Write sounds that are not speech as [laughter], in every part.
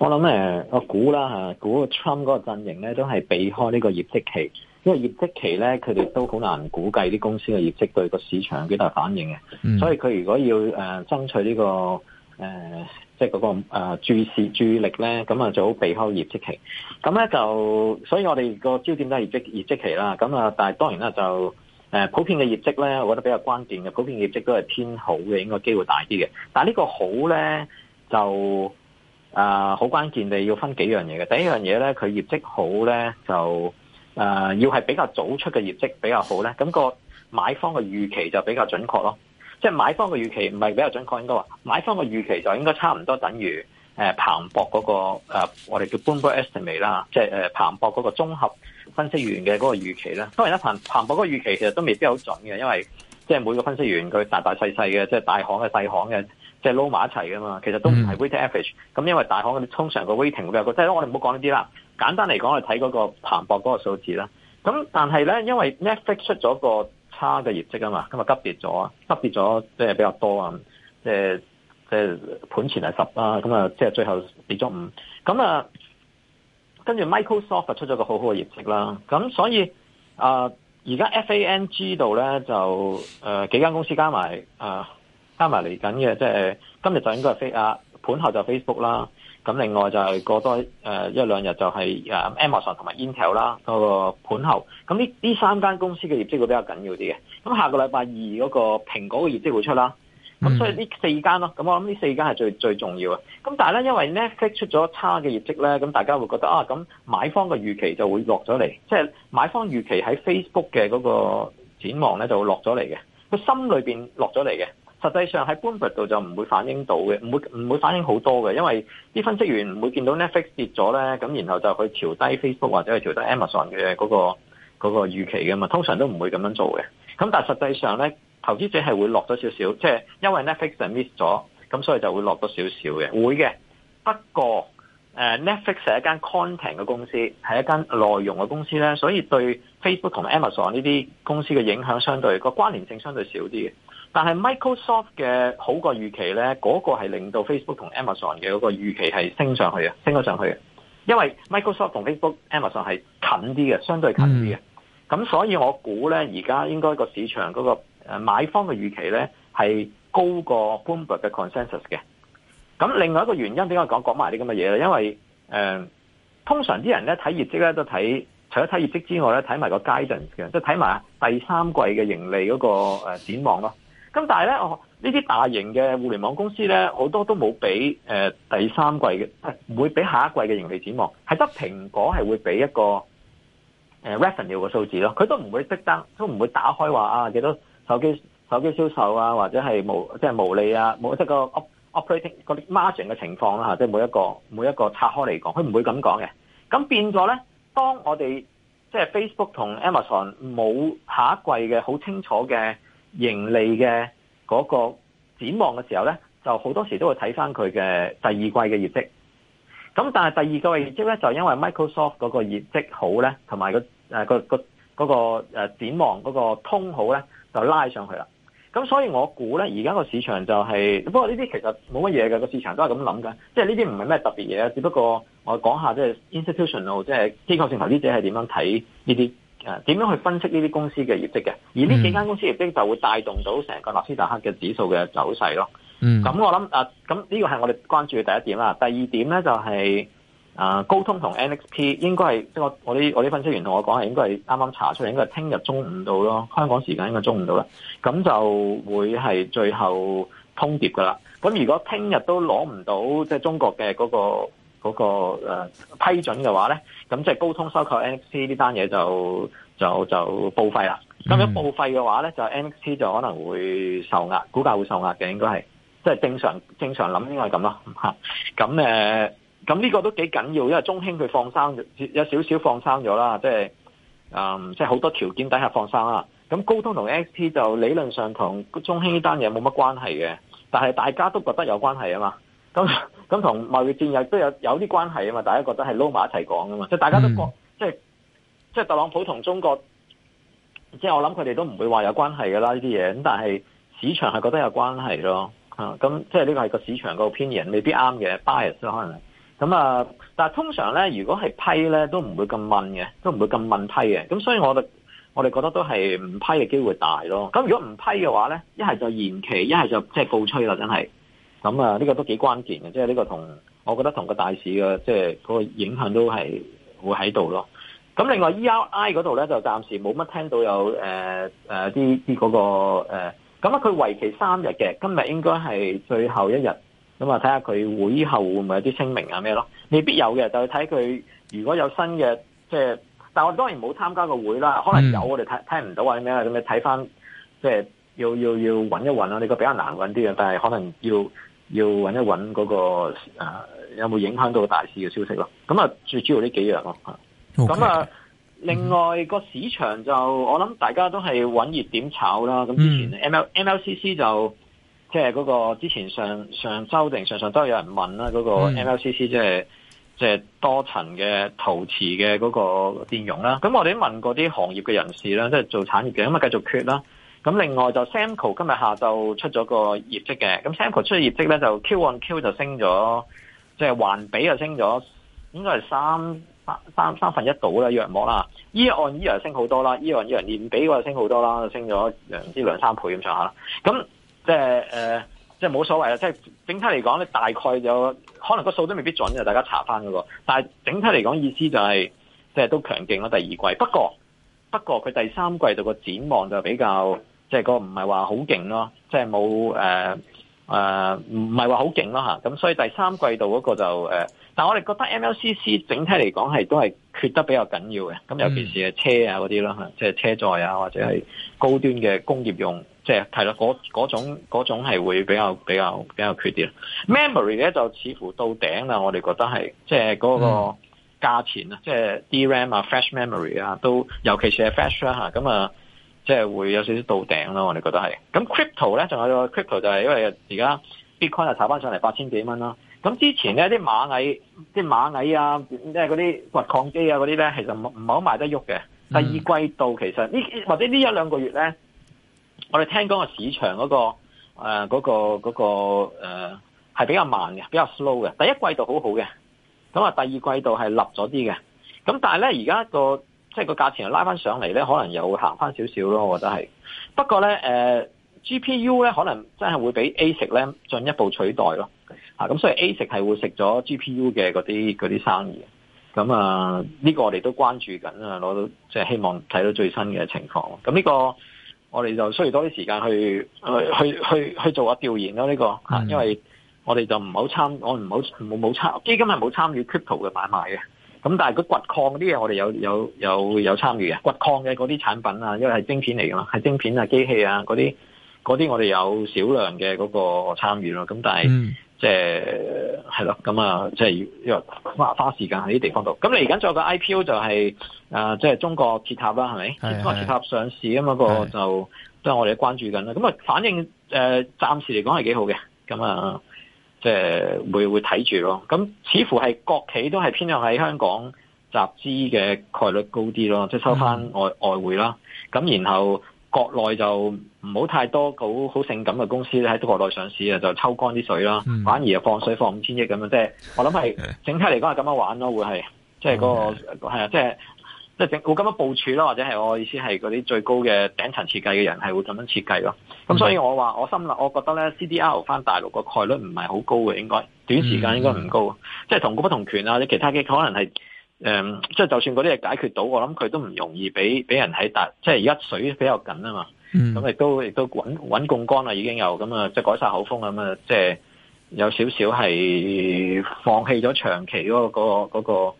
我諗誒、啊，我估啦吓，估 Trump 嗰個陣營咧都係避開呢個業績期，因為業績期咧佢哋都好難估計啲公司嘅業績對個市場有幾大反應嘅，嗯、所以佢如果要誒、呃、爭取呢、這個誒、呃、即係、那、嗰個誒、呃、注視注意力咧，咁啊最好避開業績期。咁咧就，所以我哋個焦點都係業績業績期啦。咁啊，但係當然啦，就、呃、誒普遍嘅業績咧，我覺得比較關鍵嘅普遍業績都係偏好嘅，應該機會大啲嘅。但係呢個好咧就。啊，好、呃、關鍵你要分幾樣嘢嘅。第一樣嘢咧，佢業績好咧，就啊、呃，要係比較早出嘅業績比較好咧，咁、那個買方嘅預期就比較準確咯。即係買方嘅預期唔係比較準確，應該話買方嘅預期就應該差唔多等於誒彭、呃、博嗰、那個、呃、我哋叫 Bloomberg estimate 啦，即係誒彭博嗰個綜合分析員嘅嗰個預期啦。當然啦，彭彭博嗰個預期其實都未必好準嘅，因為即係、就是、每個分析員佢大大細細嘅，即、就是、大行嘅細行嘅。即係撈埋一齊㗎嘛，其實都唔係 weighted average、嗯。咁因為大行佢哋通常個 weighting 比較高，即係、就是、我哋唔好講呢啲啦。簡單嚟講，我哋睇嗰個彭博嗰個數字啦。咁但係咧，因為 Netflix 出咗個差嘅業績啊嘛，咁啊急跌咗，急跌咗即係比較多、就是就是、10, 就就 5, 啊。即係即係盤前係十啦，咁啊即係最後跌咗五。咁啊，跟住 Microsoft 出咗個好好嘅業績啦。咁所以啊，而、呃呃、家 FANG 度咧就誒幾間公司加埋加埋嚟緊嘅，即係、就是、今日就應該係 Face 啊盤後就 Facebook 啦。咁另外就係過多誒一兩日就係啊 Amazon 同埋 Intel 啦嗰個盤後。咁呢呢三間公司嘅業績會比較緊要啲嘅。咁下個禮拜二嗰個蘋果嘅業績會出啦。咁所以呢四間咯，咁我諗呢四間係最最重要嘅。咁但係咧，因為 Netflix 出咗差嘅業績咧，咁大家會覺得啊，咁買方嘅預期就會落咗嚟，即、就、係、是、買方預期喺 Facebook 嘅嗰個展望咧就會落咗嚟嘅。佢心裏邊落咗嚟嘅。實際上喺 Bloomberg 度就唔會反映到嘅，唔會唔會反映好多嘅，因為啲分析員唔會見到 Netflix 跌咗咧，咁然後就去調低 Facebook 或者去調低 Amazon 嘅嗰、嗰個預、嗰個、預期嘅嘛，通常都唔會咁樣做嘅。咁但係實際上咧，投資者係會落咗少少，即係因為 Netflix 係 miss 咗，咁所以就會落咗少少嘅，會嘅。不過 Netflix 係一間 content 嘅公司，係一間內容嘅公司咧，所以對 Facebook 同埋 Amazon 呢啲公司嘅影響相對個關聯性相對少啲嘅。但係 Microsoft 嘅好過預期咧，嗰、那個係令到 Facebook 同 Amazon 嘅嗰個預期係升上去嘅，升咗上去嘅。因為 Microsoft 同 Facebook、Amazon 係近啲嘅，相對近啲嘅。咁、嗯、所以我估咧，而家應該個市場嗰個買方嘅預期咧係高過 Bloomberg 嘅 consensus 嘅。咁另外一個原因點解講講埋啲咁嘅嘢咧？因為、呃、通常啲人咧睇業績咧都睇除咗睇業績之外咧，睇埋個 guidance 嘅，即係睇埋第三季嘅盈利嗰個展望咯。咁但係咧，哦、呢啲大型嘅互聯網公司咧，好多都冇俾、呃、第三季嘅，唔會俾下一季嘅盈利展望，係得蘋果係會俾一個、呃、revenue 嘅數字咯，佢都唔會識得，都唔會打開話啊幾多手機手機銷售啊，或者係無即係、就是、無利啊，冇即、就是、個 operating margin 嘅情況啦嚇，即係每一個每一個拆開嚟講，佢唔會咁講嘅。咁變咗咧，當我哋即係、就是、Facebook 同 Amazon 冇下一季嘅好清楚嘅盈利嘅嗰個展望嘅時候咧，就好多時都會睇翻佢嘅第二季嘅業績。咁但係第二季業績咧，就因為 Microsoft 嗰個業績好咧，同埋、那個個嗰、那個展望嗰個通好咧，就拉上去啦。咁所以我估咧，而家個市場就係、是，不過呢啲其實冇乜嘢嘅，個市場都係咁諗㗎。即係呢啲唔係咩特別嘢，只不過我講下即係 institutional，即係機構性投資者係點樣睇呢啲。誒點樣去分析呢啲公司嘅業績嘅？而呢幾間公司的業績就會帶動到成個納斯達克嘅指數嘅走勢咯。嗯，咁我諗啊，咁呢個係我哋關注嘅第一點啦。第二點咧就係、是、啊高通同 NXP 應該係即係我我啲我啲分析員同我講係應該係啱啱查出嚟，應該係聽日中午到咯，香港時間應該中午到啦。咁就會係最後通牒㗎啦。咁如果聽日都攞唔到即係中國嘅嗰、嗰個。嗰、那個、呃、批准嘅話咧，咁即係高通收購 NXP 呢單嘢就就就報廢啦。咁如果報廢嘅話咧，就 NXP 就可能會受壓，股價會受壓嘅，應該係即係正常正常諗應該係咁咯嚇。咁 [laughs] 誒，咁、呃、呢個都幾緊要，因為中興佢放生有少少放生咗啦，即係嗯即係好多條件底下放生啦。咁高通同 NXP 就理論上同中興呢單嘢冇乜關係嘅，但係大家都覺得有關係啊嘛。咁 [laughs] 咁同貿易戰又都有有啲關係啊嘛，大家覺得係撈埋一齊講㗎嘛，即係大家都覺得、嗯、即係即係特朗普同中國，即係我諗佢哋都唔會話有關係㗎啦呢啲嘢，咁但係市場係覺得有關係咯，咁、啊、即係呢個係個市場嗰個偏見，未必啱嘅 bias 咯可能。咁啊，但係通常咧，如果係批咧，都唔會咁問嘅，都唔會咁問批嘅。咁所以我哋我哋覺得都係唔批嘅機會大咯。咁如果唔批嘅話咧，一係就延期，一係就即係告吹啦，真係。咁啊，呢個都幾關鍵嘅，即係呢個同我覺得同個大市嘅即係嗰個影響都係會喺度咯。咁另外 E R I 嗰度咧，就暫時冇乜聽到有誒誒啲啲嗰個誒，咁啊佢為期三日嘅，今日應該係最後一日。咁啊，睇下佢會後會唔會有啲聲明啊咩咯？未必有嘅，就睇佢如果有新嘅即係，但係我哋當然冇參加個會啦。可能有我哋睇唔到或者咩啊，咁你睇翻即係要要要揾一揾啊，呢個比較難揾啲嘅，但係可能要。要揾一揾嗰、那個、啊、有冇影響到大市嘅消息咯，咁啊最主要呢幾樣咯，咁 Okay. 啊另外那個市場就我諗大家都係揾熱點炒啦，咁之前 M L M L C C 就即係嗰個之前上上週定上上週都有人問啦，嗰、那個 M L C C 即、就、係、是、即係、就是、多層嘅陶瓷嘅嗰個電容啦，咁我哋問過啲行業嘅人士啦，即、就、係、是、做產業嘅，咁啊繼續缺啦。咁另外就 Sample 今日下晝出咗個業績嘅，咁 Sample 出咗業績咧就 Q on Q 就升咗，即係環比就升咗，應該係三三三三分一度啦，約莫啦。Year on year 升好多啦 Year on year 年比嘅話就升好多啦，升咗唔知兩三倍咁上下啦、就是。咁即係即係冇所謂啦。即、就、係、是、整體嚟講咧，大概有可能個數都未必準，就大家查翻嗰、那個。但係整體嚟講意思就係即係都強勁咯，第二季。不過不過佢第三季度個展望就比較。即係個唔係話好勁咯，即係冇誒誒，唔係話好勁咯嚇。咁所以第三季度嗰個就誒、呃，但我哋覺得 MLCC 整體嚟講係都係缺得比較緊要嘅。咁尤其是係車啊嗰啲啦嚇，即係車載啊或者係高端嘅工業用，即係睇落嗰種嗰種係會比較比較比較缺啲。Memory 咧就似乎到頂啦，我哋覺得係即係嗰個價錢、嗯、啊，即係 DRAM 啊、Flash Memory 啊，都尤其是係 Flash 啦嚇，咁啊。即係會有少少到頂咯，我哋覺得係。咁 crypto 咧，仲有個 crypto 就係因為而家 bitcoin 就炒翻上嚟八千幾蚊啦。咁之前咧啲螞蟻、啲螞蟻啊，即係嗰啲掘礦機啊嗰啲咧，其實唔係好賣得喐嘅。嗯、第二季度其實呢，或者呢一兩個月咧，我哋聽講個市場嗰、嗰個誒嗰、呃嗰個嗰、嗰個係、呃、比較慢嘅，比較 slow 嘅。第一季度好好嘅，咁啊第二季度係立咗啲嘅。咁但係咧而家個即係個價錢又拉翻上嚟咧，可能又行翻少少咯，我覺得係。不過咧、呃、G P U 咧，可能真係會畀 A 食咧進一步取代咯。咁、啊、所以 A 食係會食咗 G P U 嘅嗰啲嗰啲生意。咁啊，呢、這個我哋都關注緊啊，攞到即係希望睇到最新嘅情況。咁呢個我哋就需要多啲時間去、呃、去去去做下調研咯。呢、這個因為我哋就唔好參，我唔好冇冇基金係冇參與 crypto 嘅買賣嘅。咁、嗯、但係佢掘礦嗰啲嘢，我哋有有有有參與嘅掘礦嘅嗰啲產品啊，因為係晶片嚟㗎嘛，係晶片啊、機器啊嗰啲嗰啲，我哋有少量嘅嗰個參與咯。咁但係、嗯、即係係咯，咁啊即係要花花時間喺啲地方度。咁嚟緊再個 IPO 就係、是呃、即係中國鐵塔啦，係咪？中國鐵塔上市吖嘛嗰個就的都係我哋關注緊啦。咁啊反應誒、呃，暫時嚟講係幾好嘅。咁啊。即係會會睇住咯，咁似乎係國企都係偏向喺香港集資嘅概率高啲咯，即係收翻外、嗯、外匯啦。咁然後國內就唔好太多好好性感嘅公司咧喺國內上市啊，就抽乾啲水啦，嗯、反而又放水放五千億咁樣，即、就、係、係、我諗係整體嚟講係咁樣玩咯，會係即係嗰個係啊，即係、嗯。即係整，我咁樣部署啦，或者係我意思係嗰啲最高嘅頂層設計嘅人係會咁樣設計咯。咁所以我，我話我心，我覺得咧，CDR 翻大陸個概率唔係好高嘅，應該短時間應該唔高。嗯、即係同股不同權啊，啲其他嘅可能係誒，即係就算嗰啲嘢解決到，我諗佢都唔容易，俾俾人喺大，即係而家水比較緊啊嘛。咁亦、嗯、都亦都揾揾槓桿啦，已經有咁啊，即係改晒口風咁啊，即係有少少係放棄咗長期嗰個嗰個嗰個。嗰個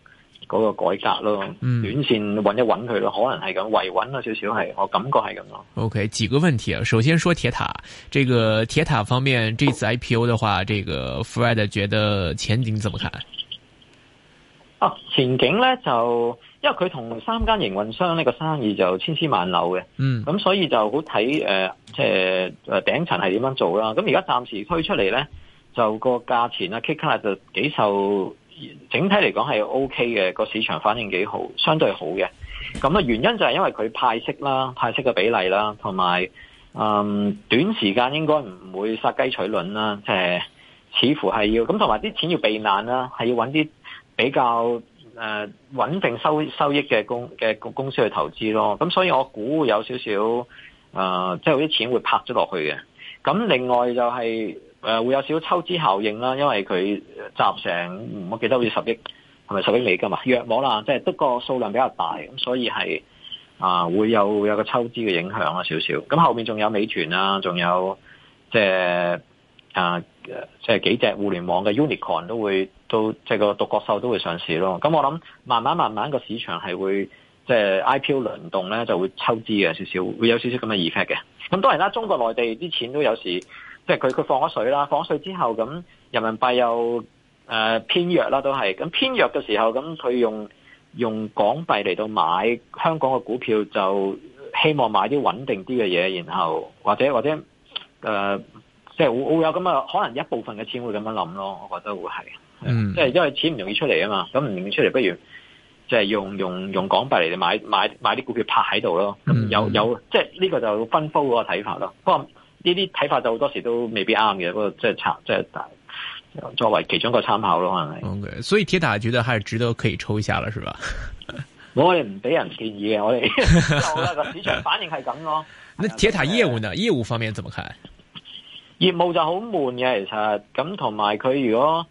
嗰個改革咯，短線揾一揾佢咯，可能係咁維穩啊，少少係，我感覺係咁咯。OK，幾個問題啊，首先說鐵塔，這個鐵塔方面，這次 IPO 的話，哦、這個 Fred 覺得前景怎麼看？哦、啊，前景呢，就，因為佢同三間營運商呢、這個生意就千絲萬縷嘅、嗯嗯呃呃呃，嗯，咁所以就好睇誒，即係誒頂層係點樣做啦。咁而家暫時推出嚟呢，就個價錢啊，kick 卡，卡就幾受。整體嚟講係 O K 嘅，個市場反應幾好，相對好嘅。咁啊，原因就係因為佢派息啦，派息嘅比例啦，同埋嗯短時間應該唔會殺雞取卵啦。即誒，似乎係要咁，同埋啲錢要避難啦，係要搵啲比較誒穩定收收益嘅公嘅公司去投資咯。咁所以我估會有點少少誒，即係啲錢會泊咗落去嘅。咁另外就係誒會有少少抽資效應啦，因為佢。集成，我記得好似十億，係咪十億美金嘛？弱網啦，即係得個數量比較大，咁所以係啊，會有會有個抽資嘅影響啊少少。咁後面仲有美團啊，仲有即係啊，即係幾隻互聯網嘅 unicorn 都會都即係個獨角獸都會上市咯。咁我諗慢慢慢慢個市場係會即係 IPO 輪動咧，就會抽資嘅少少，會有少少咁嘅 effect 嘅。咁當然啦，中國內地啲錢都有時，即係佢佢放咗水啦，放咗水之後咁人民幣又。誒、呃、偏弱啦，都係咁偏弱嘅時候，咁佢用用港幣嚟到買香港嘅股票，就希望買啲穩定啲嘅嘢，然後或者或者誒，即、呃、係、就是、會有咁嘅可能，一部分嘅錢會咁樣諗咯，我覺得會係，即係、嗯、因為錢唔容易出嚟啊嘛，咁唔容易出嚟，不如就係用用用港幣嚟到買買買啲股票拍喺度咯，咁有、嗯、有即係呢個就分鋪個睇法咯，不過呢啲睇法就好多時都未必啱嘅，不過即係即大，就是作為其中一個參考咯，係，所以鐵塔覺得係值得可以抽一下了，是吧？我哋唔俾人建議嘅，我哋個市場反應係咁咯。那鐵塔業務呢？業務方面怎麼看？業務就好悶嘅，其實咁同埋佢如果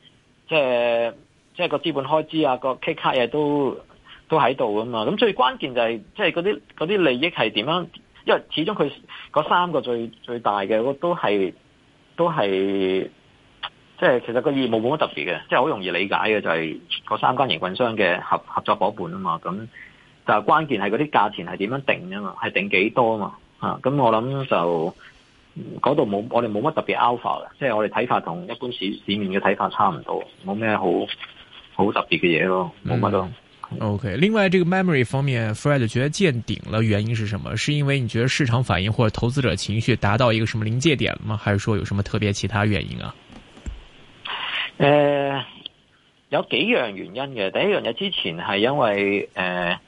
即係即係個資本開支啊，個 K 卡啊都都喺度噶嘛。咁最關鍵就係即係嗰啲啲利益係點樣？因為始終佢嗰三個最最大嘅，都係都係。即係其實個業務冇乜特別嘅，即係好容易理解嘅就係、是、嗰三間營運商嘅合合作伙伴啊嘛，咁就關鍵係嗰啲價錢係點樣定啊嘛，係定幾多啊嘛，啊咁、嗯、我諗就嗰度冇我哋冇乜特別 alpha 嘅，即係我哋睇法同一般市市面嘅睇法差唔多，冇咩好好特別嘅嘢咯，冇乜咯。OK，另外，呢個 memory 方面，Fred 覺得見頂了，原因是什麼？是因為你覺得市場反應或者投資者情緒達到一個什麼臨界點了嗎？還是說有什麼特別其他原因啊？誒、呃，有幾樣原因嘅。第一樣嘢之前係因為誒嗰、呃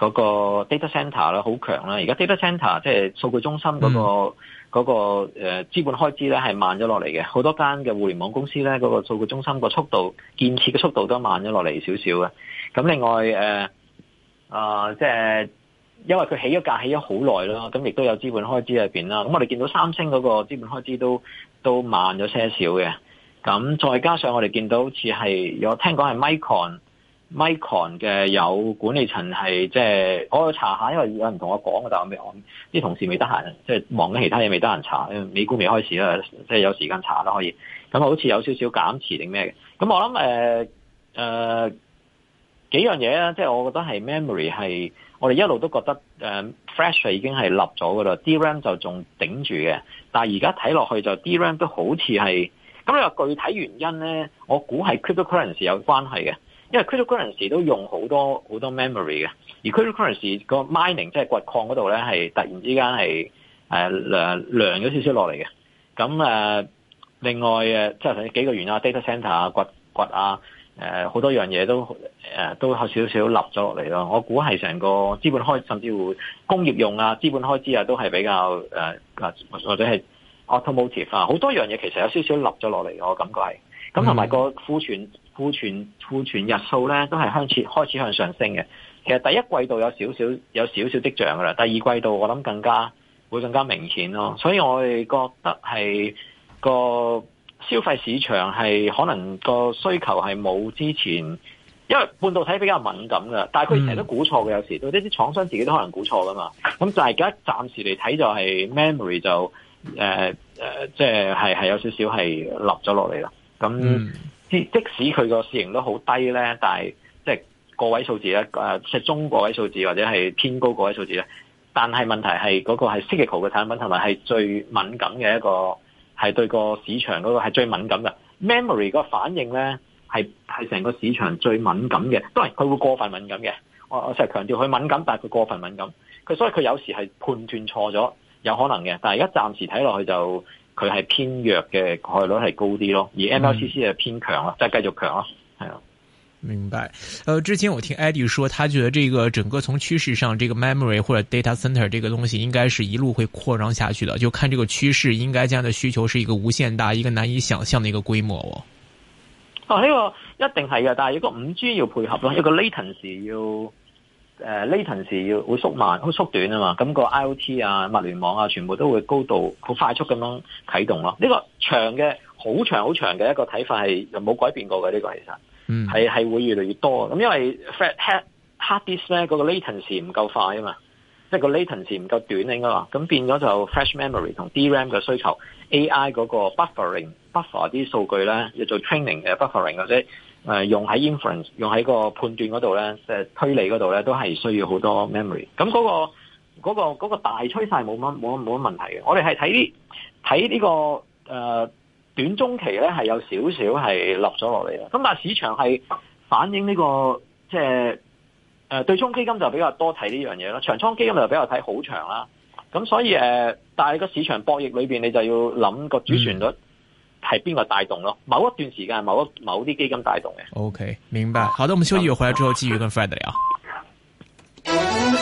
那個 data center 咧，好強啦，而家 data center 即係數據中心嗰、那個嗰、嗯、個誒資本開支咧，係慢咗落嚟嘅。好多間嘅互聯網公司咧，嗰個數據中心個速度建設嘅速度都慢咗落嚟少少嘅。咁另外誒、啊、呃、呃，即係因為佢起咗價，起咗好耐咯，咁亦都有資本開支入邊啦。咁我哋見到三星嗰個資本開支都都慢咗些少嘅。咁再加上我哋見到好似係有聽講係 Micron、Micron 嘅有管理層係即係我去查下，因為有人同我講嘅，但係我未按啲同事未得閒，即係忙緊其他嘢，未得閒查。因美股未開始啦，即係有時間查啦可以。咁好似有少少減持定咩？嘅。咁我諗誒幾樣嘢呢？即係我覺得係 memory 係我哋一路都覺得、呃、fresh 已經係立咗噶啦，DRAM 就仲頂住嘅，但係而家睇落去就 DRAM 都好似係。咁你話具體原因咧，我估係 cryptocurrency 有關係嘅，因為 cryptocurrency 都用好多好多 memory 嘅，而 cryptocurrency 個 mining 即係掘礦嗰度咧係突然之間係、呃、量咗少少落嚟嘅。咁誒、呃、另外即係、呃、幾個原因啊，data center 啊、掘掘啊、好、呃、多樣嘢都、呃、都有少少立咗落嚟咯。我估係成個資本開甚至乎工業用啊、資本開支啊都係比較誒或、呃、或者係。Automotive 啊，好多樣嘢其實有少少立咗落嚟，我感覺係咁。同埋個庫存庫存庫存日數咧，都係開始開始向上升嘅。其實第一季度有少少有少少跡象噶啦，第二季度我諗更加會更加明顯咯。所以我哋覺得係個消費市場係可能個需求係冇之前，因為半導體比較敏感噶，但係佢成日都估錯嘅有時，或者啲廠商自己都可能估錯噶嘛。咁就係而家暫時嚟睇就係 memory 就。誒誒、呃呃，即係係係有少少係立咗落嚟啦。咁即即使佢個市盈都好低咧，但係即是個位數字咧，誒、呃、即係中個位數字或者係偏高個位數字咧。但係問題係嗰、那個係 cyclical 嘅產品，同埋係最敏感嘅一個，係對個市場嗰個係最敏感嘅 memory 個反應咧，係係成個市場最敏感嘅。都係佢會過分敏感嘅。我我成日強調佢敏感，但係佢過分敏感。佢所以佢有時係判斷錯咗。有可能嘅，但係而家暫時睇落去就佢係偏弱嘅概率係高啲咯，而 MLCC 係偏強咯，嗯、即係繼續強咯，係啊。明白。呃，之前我聽 Eddie 說，他覺得這個整個從趨勢上，這個 memory 或者 data center 這個東西應該是一路會擴張下去的，就看這個趨勢，應該將來的需求是一個無限大，一個難以想象的一個規模哦。哦，呢個一定係嘅，但係一個五 G 要配合咯，一個 latency 要。誒、uh, latency 要會縮慢，會縮短啊嘛，咁、那個 IOT 啊、物聯網啊，全部都會高度好快速咁樣啟動咯。呢、這個長嘅好長好長嘅一個睇法係又冇改變過嘅呢、這個其實，係、mm. 會越嚟越多。咁因為 fat head hard disk 咧，嗰、那個 latency 唔夠快啊嘛，即、那、係個 latency 唔夠短應該話，咁變咗就 fresh memory 同 DRAM 嘅需求，AI 嗰個 buffering buffer 啲數據咧，要做 training 嘅 buffering 或者。用喺 inference，用喺個判斷嗰度咧，即推理嗰度咧，都係需要好多 memory。咁嗰個嗰個嗰個大趨勢冇乜冇乜冇乜問題嘅。我哋係睇啲睇呢個誒、呃、短中期咧，係有少少係落咗落嚟嘅。咁但係市場係反映呢個即係誒對沖基金就比較多睇呢樣嘢啦，長倉基金就比較睇好長啦。咁所以誒、呃，但係個市場博弈裏面，你就要諗個主旋律、嗯。係邊個帶動咯？某一段時間係某一某啲基金帶動嘅。OK，明白。好的，我們休息完回來之後繼續跟 Fred 聊。 [laughs]